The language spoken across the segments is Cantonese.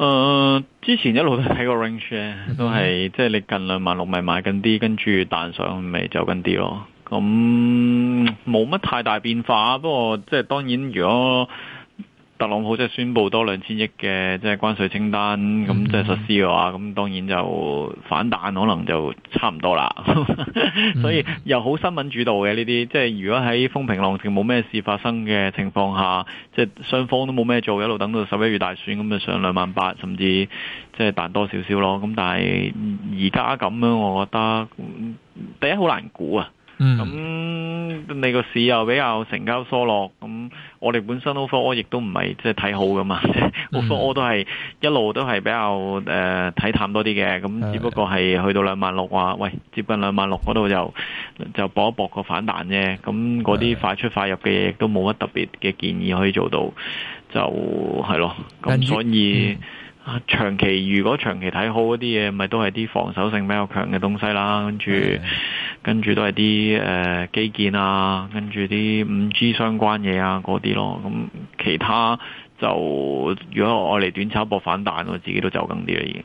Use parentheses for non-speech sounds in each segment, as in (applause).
誒、呃，之前一路都睇過 range 咧，都係即係你近兩萬六咪買緊啲，跟住彈上去咪走緊啲咯。咁冇乜太大變化，不過即係當然如果，特朗普即係宣布多兩千億嘅即係關稅清單，咁即係實施嘅話，咁當然就反彈，可能就差唔多啦。 (laughs) 所以又好新聞主導嘅呢啲，即係如果喺風平浪靜冇咩事發生嘅情況下，即係雙方都冇咩做，一路等到十一月大選咁就上兩萬八，甚至即係彈多少少咯。咁但係而家咁樣，我覺得第一好難估啊。咁、嗯、你個市又比較成交疏落，咁我哋本身都科亦都唔係即係睇好㗎嘛，科、嗯、科 (laughs) 都係一路都係比較誒睇、呃、淡多啲嘅，咁只不過係去到兩萬六話，喂接近兩萬六嗰度就就搏一搏個反彈啫，咁嗰啲快出快入嘅嘢都冇乜特別嘅建議可以做到，就係咯，咁所以、嗯、長期如果長期睇好嗰啲嘢，咪都係啲防守性比較強嘅東西啦，跟住。跟住都係啲誒基建啊，跟住啲五 G 相關嘢啊嗰啲咯，咁其他就如果我嚟短炒博反彈，我自己都走緊啲啦已經。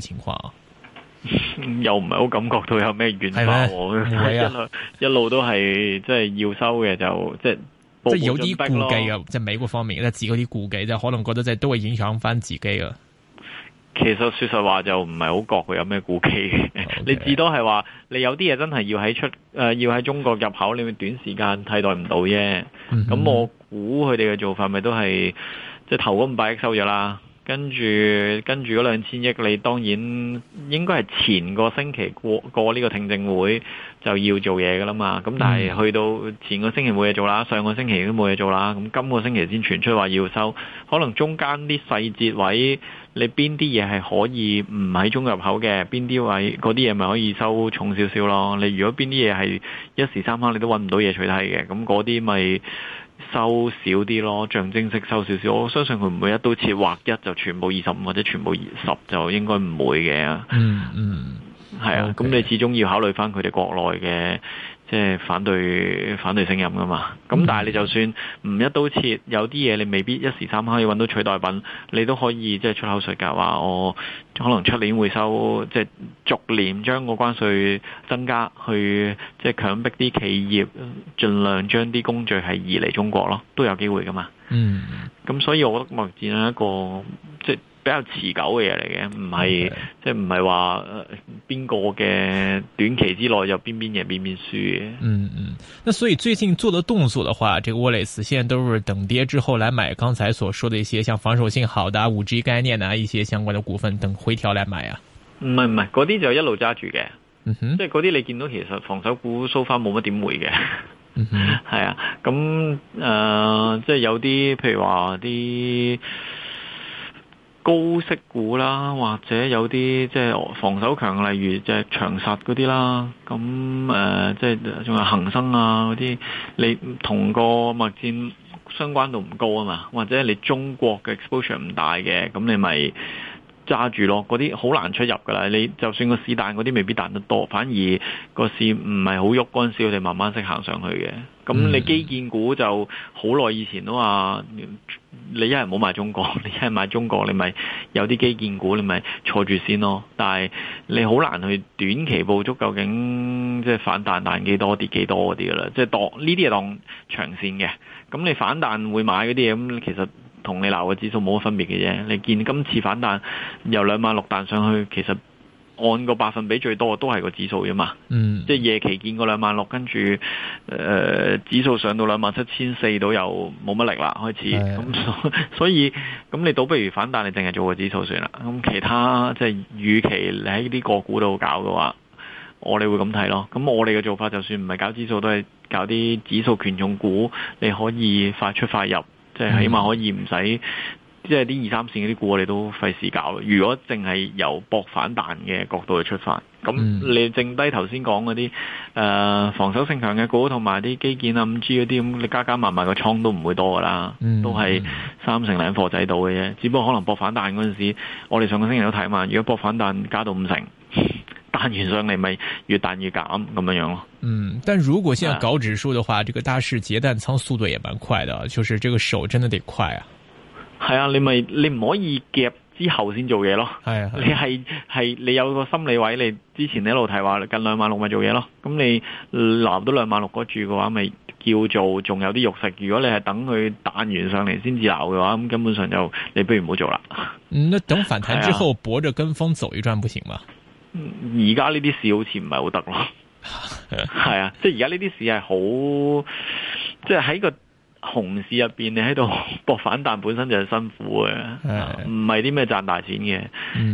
情況、啊，又唔係好感覺到有咩軟化 (laughs) 是嗎 (laughs) 一，一路一路都係即係要收嘅，就即即有啲顧忌嘅，即係美國方面咧，自己啲顧忌，即係可能覺得即係都會影響翻自己啊。其實說實話就不是麼，就唔係好覺佢有咩顧忌，你至多係話你有啲嘢真係要喺出誒、呃，要喺中國入口，你咪短時間替代唔到啫。咁、嗯、我估佢哋嘅做法咪都係即係頭五百億收咗啦。跟住跟住嗰兩千億，你當然應該係前個星期過過呢個聽證會就要做嘢噶啦嘛。咁但係去到前個星期冇嘢做啦，上個星期都冇嘢做啦。咁、這、今個星期先傳出話要收，可能中間啲細節位，你邊啲嘢係可以唔喺中入口嘅，邊啲位嗰啲嘢咪可以收重少少咯。你如果邊啲嘢係一時三刻你都揾唔到嘢取替嘅，咁嗰啲咪。收少啲咯，象徵式收少少。我相信佢唔會一刀切，劃一就全部二十五或者全部二十就應該唔會嘅。嗯嗯，係啊，咁，okay. 你始終要考慮翻佢哋國內嘅。即係反對反對聲音噶嘛，咁但係你就算唔一刀切，有啲嘢你未必一時三刻可以揾到取代品，你都可以即係出口稅嘅話，我可能出年會收，即係逐年將個關稅增加，去即係強迫啲企業盡量將啲工序係移嚟中國咯，都有機會噶嘛。嗯，咁所以我覺得貿易戰一個即比較持久嘅嘢嚟嘅，唔係、okay. 即係唔係話邊個嘅短期之內有邊邊贏邊邊輸嘅。嗯嗯，那所以最近做的動作的話，這個 Wallace 現在都是等跌之後來買，剛才所說的一些像防守性好的啊、5G 概念啊，一些相關的股份等回調來買啊。唔係唔係，嗰啲就一路揸住嘅。嗯哼，即係嗰啲你見到其實防守股 so far 冇乜點回嘅。 (laughs) 嗯嗯，係啊。咁誒，即、呃、係、就是、有啲譬如話啲。高息股啦，或者有啲即係防守強，例如係長實嗰啲啦，咁誒，即係仲有恒生啊嗰啲，你同個貿易戰相關度唔高啊嘛，或者你中國嘅 exposure 唔大嘅，咁你咪，揸住咯，嗰啲好難出入噶啦。你就算個市彈，嗰啲未必彈得多，反而個市唔係好喐嗰陣時，佢哋慢慢識行上去嘅。咁你基建股就好耐以前都話，你一係唔好買中國，你一係買中國，你咪有啲基建股，你咪坐住先咯。但係你好難去短期捕捉究竟，即係反彈彈幾多、跌幾多嗰啲噶啦。即係當呢啲係當長線嘅。咁你反彈會買嗰啲嘢，咁其實。同你鬧個指數冇乜分別嘅啫，你見今次反彈由兩萬六彈上去，其實按個百分比最多都係個指數啫嘛。嗯，即係夜期見個兩萬六，跟住、呃、指數上到兩萬七千四，到又冇乜力啦，開始咁、嗯。所以咁你倒不如反彈，你淨係做個指數算啦。咁其他即係與其你喺啲個股度搞嘅話，我哋會咁睇咯。咁我哋嘅做法就算唔係搞指數，都係搞啲指數權重股，你可以快出快入。即、嗯、係起碼可以唔使，即係啲二三線嗰啲股，我哋都費事搞。如果淨係由搏反彈嘅角度去出發，咁你剩低頭先講嗰啲誒防守性強嘅股，同埋啲基建啊、五 G 嗰啲咁，你加加埋埋個倉都唔會多噶啦，都係三成兩貨仔到嘅啫。只不過可能搏反彈嗰陣時，我哋上個星期都睇嘛，如果搏反彈加到五成。彈完上嚟咪越彈越減咁樣樣咯。嗯，但如果現在搞指數嘅話，啊，這個大市截彈倉速度也蠻快的，就是這個手真的得快啊。係啊，你咪你唔可以夾之後先做嘢咯。係啊，啊，你係係你有個心理位，你之前一路提話近兩萬六咪做嘢咯。咁你撈到兩萬六嗰住嘅話，咪叫做仲有啲肉食。如果你係等佢彈完上嚟先至撈嘅話，咁根本上就你不如唔好做啦。嗯，等反彈之後搏、啊、着跟風走一轉不行嗎？而家呢啲事好似唔係好得咯，係 (laughs) 啊，即係而家呢啲事係好，即係喺個熊市入邊，你喺度搏反彈本身就係辛苦嘅，唔係啲咩賺大錢嘅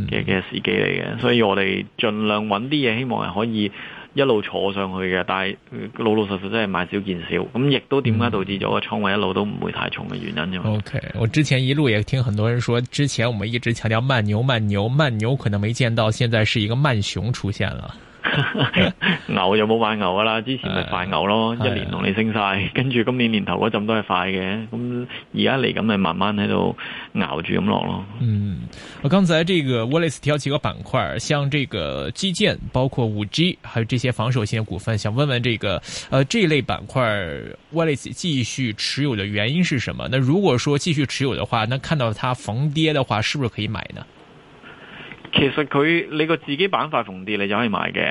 嘅嘅時機嚟嘅，所以我哋盡量揾啲嘢，希望係可以。一路坐上去嘅，但係老老實實真係買少見少，咁亦都點解導致咗個倉位一路都唔會太重嘅原因啫。OK，我之前一路也聽很多人說，之前我們一直強調慢牛慢牛慢牛，慢牛可能沒見到，現在是一個慢熊出現了。 (laughs) 牛就冇買牛噶啦，之前咪快牛咯，哎、一年同你升晒，跟、哎、住今年年頭嗰陣都係快嘅，咁而家嚟緊咪慢慢喺度熬住咁落咯。嗯，我剛才這個 Wallace 挑幾個板塊，像這個基建，包括 5G，還有這些防守性嘅股份，想問問這個，呃，這類板塊 Wallace 繼續持有的原因是什麼？那如果說繼續持有的話，那看到它逢跌的話，是不是可以買呢？其實佢你個自己板塊逢跌你就可以買嘅，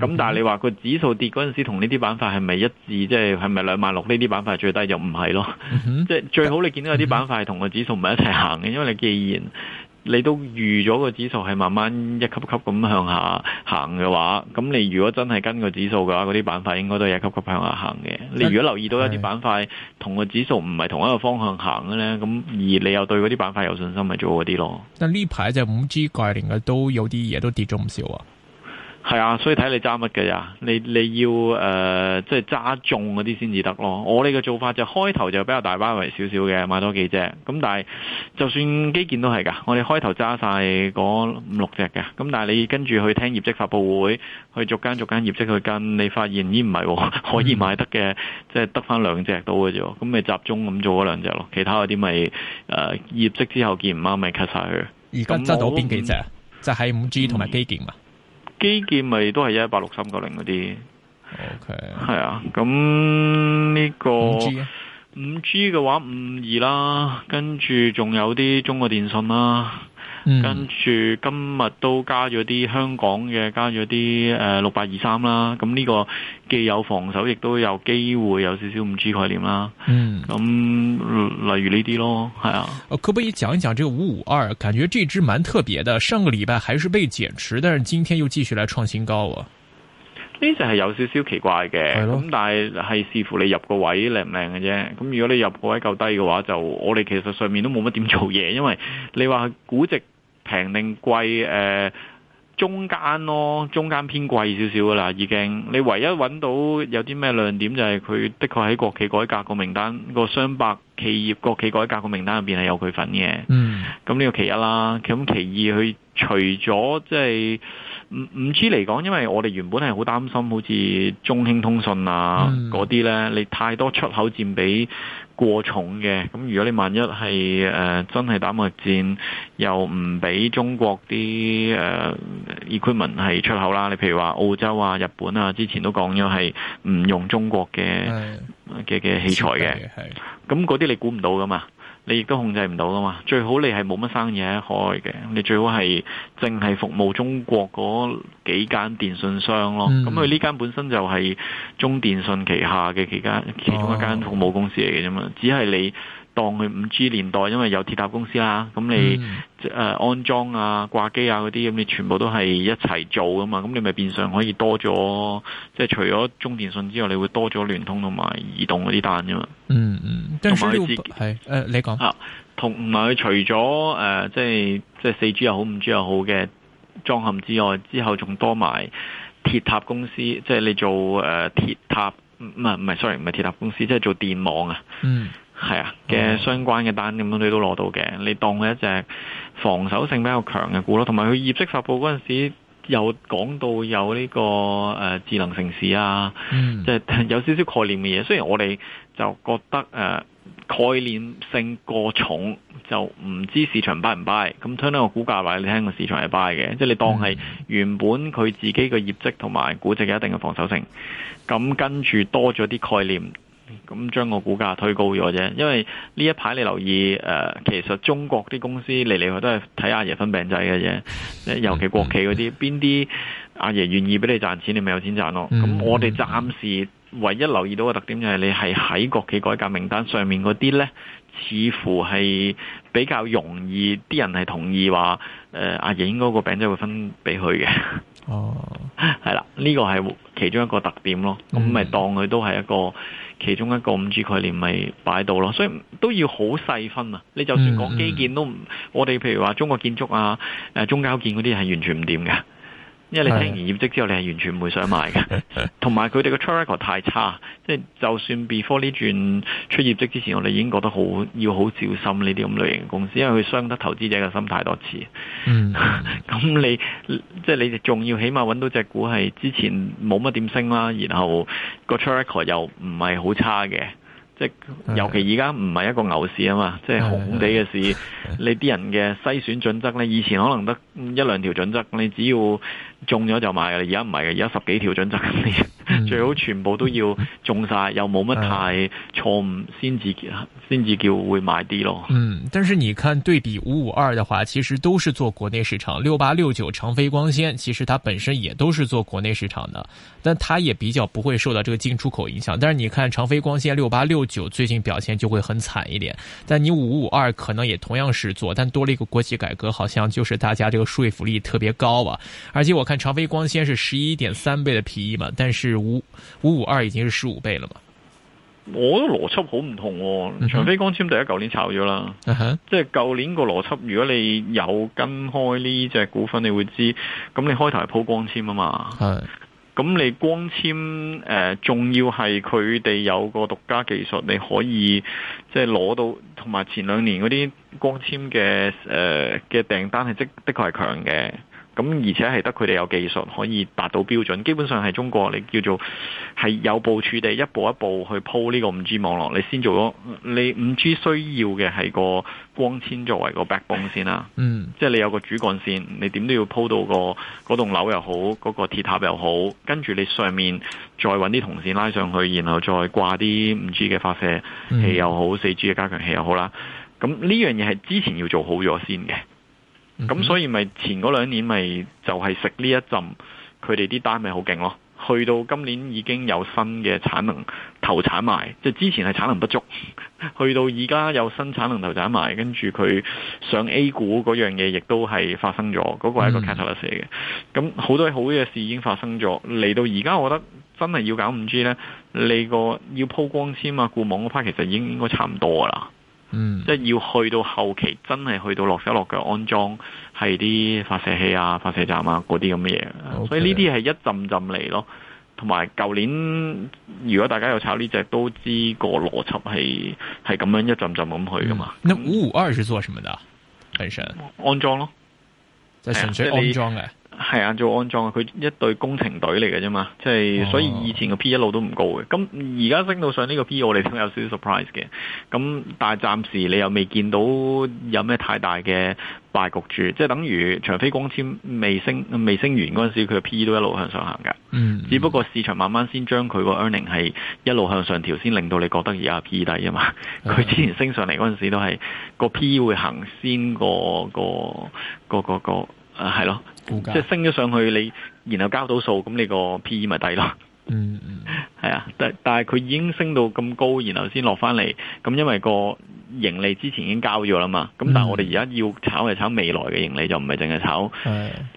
咁但係你話個指數跌嗰陣時同呢啲板塊係咪一致？即係係咪兩萬六呢啲板塊最低又唔係咯，即 (laughs) 係最好你見到有啲板塊係同個指數唔係一齊行嘅，因為你既然。你都預咗個指數係慢慢一級級咁向下行嘅話，咁你如果真係跟個指數嘅話，嗰啲板塊應該都係一級級向下行嘅。你如果留意到一啲板塊同個指數唔係同一個方向行嘅呢，咁而你又對嗰啲板塊有信心，咪做嗰啲咯。但呢排就五 G 概念嘅都有啲嘢都跌咗唔少啊。係啊，所以睇你揸乜嘅咋？你你要誒，即係揸中嗰啲先至得咯。我哋嘅做法就是、開頭就比較大包圍少少嘅，買多幾隻。咁但係就算基建都係噶，我哋開頭揸晒嗰五六隻嘅。咁但係你跟住去聽業績發布會，去逐間逐間業績去跟，你發現咦唔係喎，可以買得嘅，嗯，即係得返兩隻到嘅啫。咁咪集中咁做嗰兩隻咯，其他嗰啲咪誒業績之後見唔啱咪 cut 晒佢。而家執到邊幾隻？就係五 G 同埋基建嘛。基建咪都係一八六三九零嗰啲，OK，係啊，咁呢個五 G 嘅話五二啦，跟住仲有啲中國電信啦。嗯、跟住今日都加咗啲香港嘅，加咗啲誒六八二三啦。咁、這、呢個既有防守，亦都有機會有少少五 G 概念啦。嗯，咁、嗯、例如呢啲咯，係啊。可不可以講一講這個五五二？感覺這支蠻特別的，上個禮拜還是被減持，但是今天又繼續來創新高啊！呢就係有少少奇怪嘅，咁但係係視乎你入個位靚唔靚嘅啫。咁如果你入個位夠低嘅話，就我哋其實上面都冇乜點做嘢，因為你話估值平定貴？誒、呃、中間咯，中間偏貴少少噶啦，已經。你唯一揾到有啲咩亮點就係佢的確喺國企改革個名單，個雙百企業國企改革個名單入邊係有佢份嘅。嗯，咁呢個其一啦，咁其二佢。除咗即係五五 G 嚟講，因為我哋原本係好擔心，好似中興通訊啊嗰啲咧，你太多出口佔比過重嘅。咁如果你萬一係誒、呃、真係打貿戰，又唔俾中國啲誒、呃、equipment 係出口啦，你譬如話澳洲啊、日本啊，之前都講咗係唔用中國嘅嘅嘅器材嘅，咁嗰啲你估唔到噶嘛？你亦都控制唔到噶嘛，最好你係冇乜生意喺海外嘅，你最好係淨係服務中國嗰幾間電信商咯。咁佢呢間本身就係中電信旗下嘅幾間其中一間服務公司嚟嘅啫嘛，只係你。當佢五 G 年代，因為有鐵塔公司啦，咁你誒安裝啊、掛機啊嗰啲，咁你全部都係一齊做噶嘛？咁你咪變相可以多咗，即係除咗中電信之外，你會多咗聯通同埋移動嗰啲單噶嘛？嗯嗯，同埋係誒，你講吓、啊，同埋佢除咗誒、呃，即係即係四 G 又好五 G 又好嘅裝嵌之外，之後仲多埋鐵塔公司，即係你做誒鐵、呃、塔唔係唔係，sorry 唔係鐵塔公司，即係做電網啊。嗯係啊，嘅相關嘅單咁樣你都攞到嘅、嗯，你當係一隻防守性比較強嘅股咯。同埋佢業績發布嗰陣時，有講到有呢、這個誒、呃、智能城市啊，即、嗯、係、就是、有少少概念嘅嘢。雖然我哋就覺得誒、呃、概念性過重，就唔知市場 buy 唔 buy。咁睇翻個股價話，你聽個市場係 buy 嘅，即、就、係、是、你當係原本佢自己嘅業績同埋估值嘅一定嘅防守性。咁跟住多咗啲概念。咁將個股價推高咗啫，因為呢一排你留意誒、呃，其實中國啲公司嚟嚟去去都係睇阿爺分餅仔嘅啫，尤其國企嗰啲邊啲阿爺願意俾你賺錢，你咪有錢賺咯。咁我哋暫時唯一留意到嘅特點就係你係喺國企改革名單上面嗰啲呢，似乎係比較容易啲人係同意話誒、呃、阿爺應該個餅仔會分俾佢嘅。哦， (laughs) 係啦，呢個係其中一個特點咯，咁咪當佢都係一個。其中一個五 G 概念咪擺到咯，所以都要好細分啊！你就算講基建都唔，我哋譬如話中國建築啊、誒中交建嗰啲係完全唔掂㗎。因為你聽完業績之後，你係完全唔會想買嘅。同埋佢哋嘅 track 太差，即係就算 before 呢轉出業績之前，我哋已經覺得好要好小心呢啲咁類型公司，因為佢傷得投資者嘅心太多次。咁 (laughs) (laughs) 你即係、就是、你仲要起碼揾到隻股係之前冇乜點升啦，然後個 track 又唔係好差嘅，即、就、係、是、尤其而家唔係一個牛市啊嘛，即 (laughs) 係紅紅地嘅市， (laughs) 你啲人嘅篩選準則呢，以前可能得一兩條準則，你只要中咗就買嘅，而家唔係嘅，而家十幾條準則咁、嗯、最好全部都要中晒、嗯，又冇乜太錯誤先至先至叫會買啲咯。嗯，但是你看對比五五二的話，其實都是做國內市場，六八六九長飛光纖其實它本身也都是做國內市場的，但它也比較不會受到這個進出口影響。但是你看長飛光纖六八六九最近表現就會很慘一點，但你五五二可能也同樣是做，但多了一個國企改革，好像就是大家這個說服力特別高啊，而且我。但長飛光纖是十一點三倍嘅 PE 嘛，但是五五五二已經是十五倍了嘛。我得邏輯好唔同哦，長飛光纖第一舊年炒咗啦，uh-huh. 即係舊年個邏輯，如果你有跟開呢隻股份，你會知道，咁你開頭係鋪光纖啊嘛，係，咁你光纖誒、呃、重要係佢哋有個獨家技術，你可以即係攞到，同埋前兩年嗰啲光纖嘅誒嘅訂單係即的確係強嘅。咁而且係得佢哋有技術可以達到標準，基本上係中國你叫做係有部署地一步一步去鋪呢個 5G 網絡。你先做咗，你 5G 需要嘅係個光纖作為個 backbone 先啦。嗯，即係你有個主幹線，你點都要鋪到，那個嗰棟樓又好，嗰，那個鐵塔又好，跟住你上面再揾啲銅線拉上去，然後再掛啲 5G 嘅發射器又好，4G 嘅加強器又好啦。咁呢樣嘢係之前要做好咗先嘅。咁所以咪前嗰兩年咪就係食呢一陣佢哋啲單咪好勁咯，去到今年已經有新嘅產能投產埋，即係之前係產能不足，去到而家有新產能投產埋，跟住佢上 A 股嗰樣嘢亦都係發生咗，嗰個係一個 catalyst 嚟嘅。咁好多好嘅事已經發生咗，嚟到而家我覺得真係要搞 5G 咧，你個要鋪光纖啊、固網嗰 part 其實已經應該差唔多噶啦。嗯，即係要去到後期，真係去到落手落腳安裝，係啲發射器啊、發射站啊嗰啲咁嘅嘢，okay. 所以呢啲係一陣陣嚟咯。同埋舊年，如果大家有炒呢隻，都知個邏輯係係咁樣一陣陣咁去噶嘛。嗯，那五五二是做什麼的啊，本身？嗯，安裝咯，即係純粹安裝嘅。係啊，做安裝啊，佢一隊工程隊嚟嘅啫嘛，即係所以以前個 P 直的個 P 一路都唔高嘅，咁而家升到上呢個 P E，我哋都有少少 surprise 嘅。咁但係暫時你又未見到有咩太大嘅敗局住，即係等於長飛光纖未升未升完嗰陣時候，佢嘅 P E 都一路向上行噶。嗯嗯，只不過市場慢慢先將佢個 earning 係一路向上調，先令到你覺得而家 P E 低啊嘛。佢之前升上嚟嗰陣時候都係個 P E 會行先個個個個個啊，係咯。即係升咗上去，你然後交到數，咁你個 PE 咪低咯。嗯嗯，係啊，但但係佢已經升到咁高，然後先落翻嚟。咁因為個盈利之前已經交咗啦嘛。咁但係我哋而家要炒係炒未來嘅盈利，嗯、就唔係淨係炒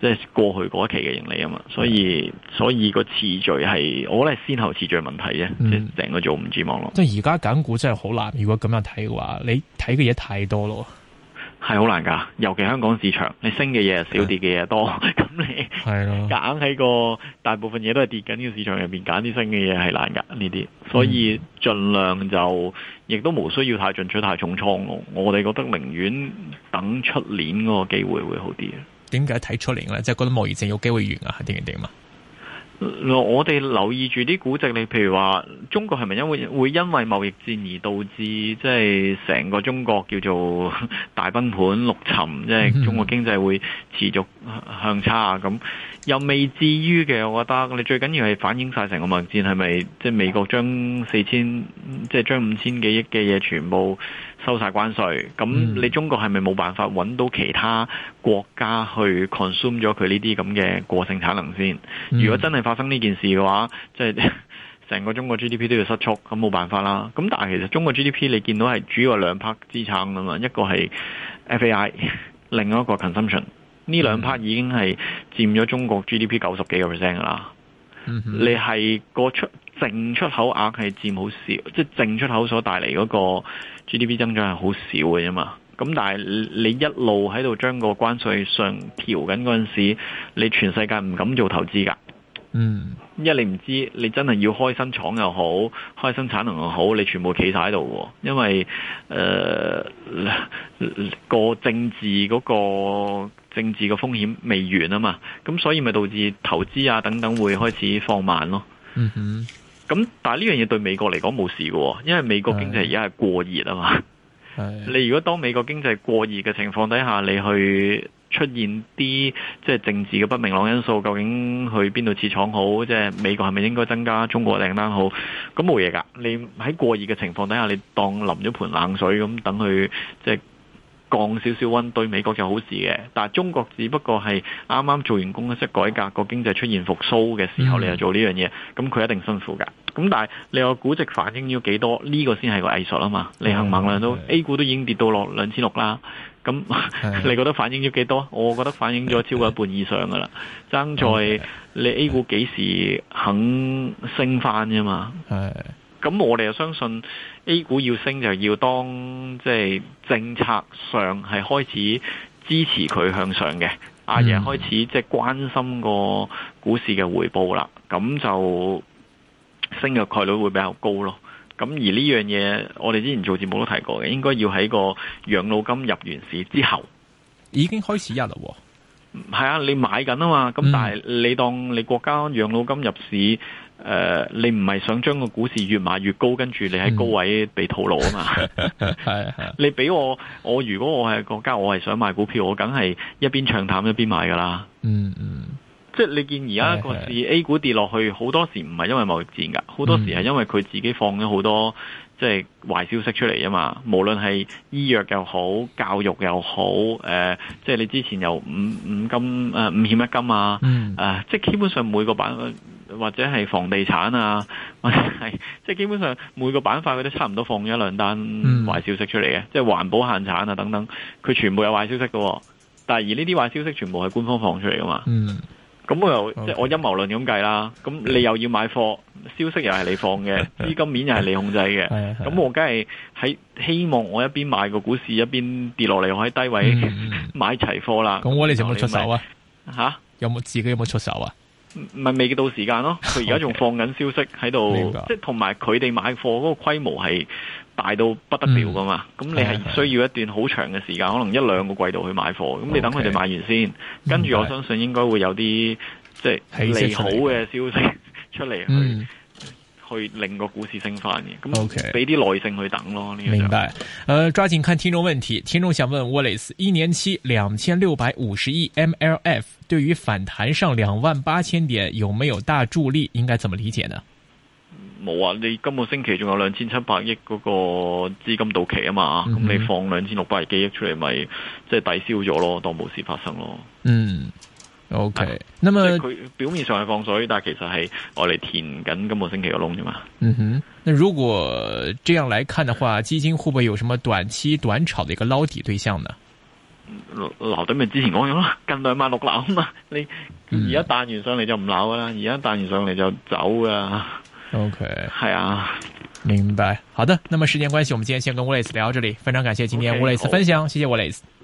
即係過去嗰一期嘅盈利啊嘛。所以所以個次序係，我覺得係先後次序問題啫，成、嗯、個做唔住網絡。即係而家揀股真係好難。如果咁樣睇嘅話，你睇嘅嘢太多咯。係好難噶，尤其香港市場，你升嘅嘢少，小跌嘅嘢多，咁 (laughs) 你揀喺個大部分嘢都係跌緊嘅市場入邊揀啲升嘅嘢係難噶，呢啲所以盡量就、嗯、亦都無需要太進取太重倉。我哋覺得寧願等出年嗰個機會會好啲。點解睇出年呢？即、就、係、是、覺得疫症有機會完啊？點點點嘛？我哋留意住啲估值，你譬如話中國係咪因為會因為貿易戰而導致即係成個中國叫做大崩盤、陸沉，即係中國經濟會持續向差啊咁？又未至於嘅，我覺得你最緊要係反映曬成個問戰係咪，即係美國將四千，即係將五千幾億嘅嘢全部收曬關稅，咁、嗯、你中國係咪冇辦法揾到其他國家去 consume 咗佢呢啲咁嘅過剩產能先？嗯、如果真係發生呢件事嘅話，即係成個中國 GDP 都要失速，咁冇辦法啦。咁但係其實中國 GDP 你見到係主要兩 part 資產啊嘛，一個係 FAI，另一個 consumption。呢兩 part 已經係佔咗中國 GDP 九十幾個 percent 噶啦，你係個出淨出口額係佔好少，即係淨出口所帶嚟個 GDP 增長係好少嘅啫嘛。咁但係你一路喺度將個關稅上調緊嗰陣時，你全世界唔敢做投資噶。嗯，一你唔知，你真係要開新廠又好，開新產能又好，你全部企晒喺度喎。因為誒、呃、個政治嗰、個政治嘅風險未完啊嘛，咁所以咪導致投資啊等等會開始放慢咯。嗯，咁但係呢樣嘢對美國嚟講冇事嘅，因為美國經濟而家係過熱啊嘛。你如果當美國經濟過熱嘅情況底下，你去。出現啲即係政治嘅不明朗因素，究竟去邊度設廠好？即係美國係咪應該增加中國訂單好？咁冇嘢噶，你喺過熱嘅情況底下，你當淋咗盆冷水咁，等佢即係降少少溫，對美國就好事嘅。但係中國只不過係啱啱做完公積改革，個經濟出現復甦嘅時候，你又做呢樣嘢，咁佢一定辛苦噶。咁但係你個估值反映要幾多？呢、這個先係個藝術啊嘛！你行猛量都、嗯、A 股都已經跌到落兩千六啦。咁你覺得反映咗幾多啊？我覺得反映咗超過一半以上噶啦，爭在你 A 股幾時肯升翻啫嘛？咁我哋又相信 A 股要升就要當即係、就是、政策上係開始支持佢向上嘅，阿爺開始即係關心個股市嘅回報啦，咁就升嘅概率會比較高咯。咁而呢樣嘢，我哋之前做節目都提過嘅，應該要喺個養老金入完市之後，已經開始入啦。係啊，你買緊啊嘛，咁、嗯、但係你當你國家養老金入市，誒、呃，你唔係想將個股市越買越高，跟住你喺高位被套牢啊嘛。係、嗯、啊， (laughs) (laughs) (laughs) 你俾我，我如果我係國家，我係想買股票，我梗係一邊唱淡一邊買噶啦。嗯嗯。即係你見而家個市 A 股跌落去，好多時唔係因為貿易戰噶，好多時係因為佢自己放咗好多、嗯、即係壞消息出嚟啊嘛。無論係醫藥又好，教育又好，誒、呃，即係你之前又五五金誒、呃、五險一金啊，嗯、啊即係基本上每個板或者係房地產啊，或者係即係基本上每個板塊佢都差唔多放咗一兩單壞消息出嚟嘅、嗯，即係環保限產啊等等，佢全部有壞消息噶、哦。但係而呢啲壞消息全部係官方放出嚟噶嘛？嗯咁我又即係我陰謀論咁計啦，咁你又要買貨，消息又係你放嘅，資 (laughs) 金面又係你控制嘅，咁 (laughs) 我梗係喺希望我一邊買個股市 (laughs) 一邊跌落嚟，我喺低位買齊貨啦。咁、嗯嗯、我你就冇出手啊？吓，有、啊、冇自己有冇出手啊？咪未到時間咯，佢而家仲放緊消息喺度，Okay。即係同埋佢哋買貨嗰個規模係。大到不得了噶嘛。咁、嗯、你係需要一段好長嘅時間、嗯，可能一兩個季度去買貨，咁、嗯、你等佢哋買完先、嗯，跟住我相信應該會有啲、嗯、即係利好嘅消息出嚟、嗯，去去令個股市升返嘅，咁俾啲耐性去等咯。明白。誒、這個就呃，抓緊看聽眾問題，聽眾想問 Wallace，一年期兩千六百五十億 MLF 對於反彈上兩萬八千點有沒有大助力，應該怎麼理解呢？冇啊！你今個星期仲有兩千七百億嗰個資金到期啊嘛，咁、嗯、你放兩千六百幾億出嚟，咪即係抵消咗咯，當冇事發生咯。嗯，OK。咁麼佢表面上係放水，但係其實係我哋填緊今個星期個窿啫嘛。嗯哼。那如果這樣來看嘅話，基金會唔會有什麼短期短炒的一個撈底對象呢？撈底咪之前講咗啦，近兩萬六樓啊嘛，你而家彈完上嚟就唔撈噶啦，而家彈完上嚟就走噶、啊。OK，哎呀，明白。好的，那麼時間關係，我們今天先跟 Wallace 聊到這裏。非常感謝今天 Wallace 的分享，Okay, oh. 謝謝 Wallace。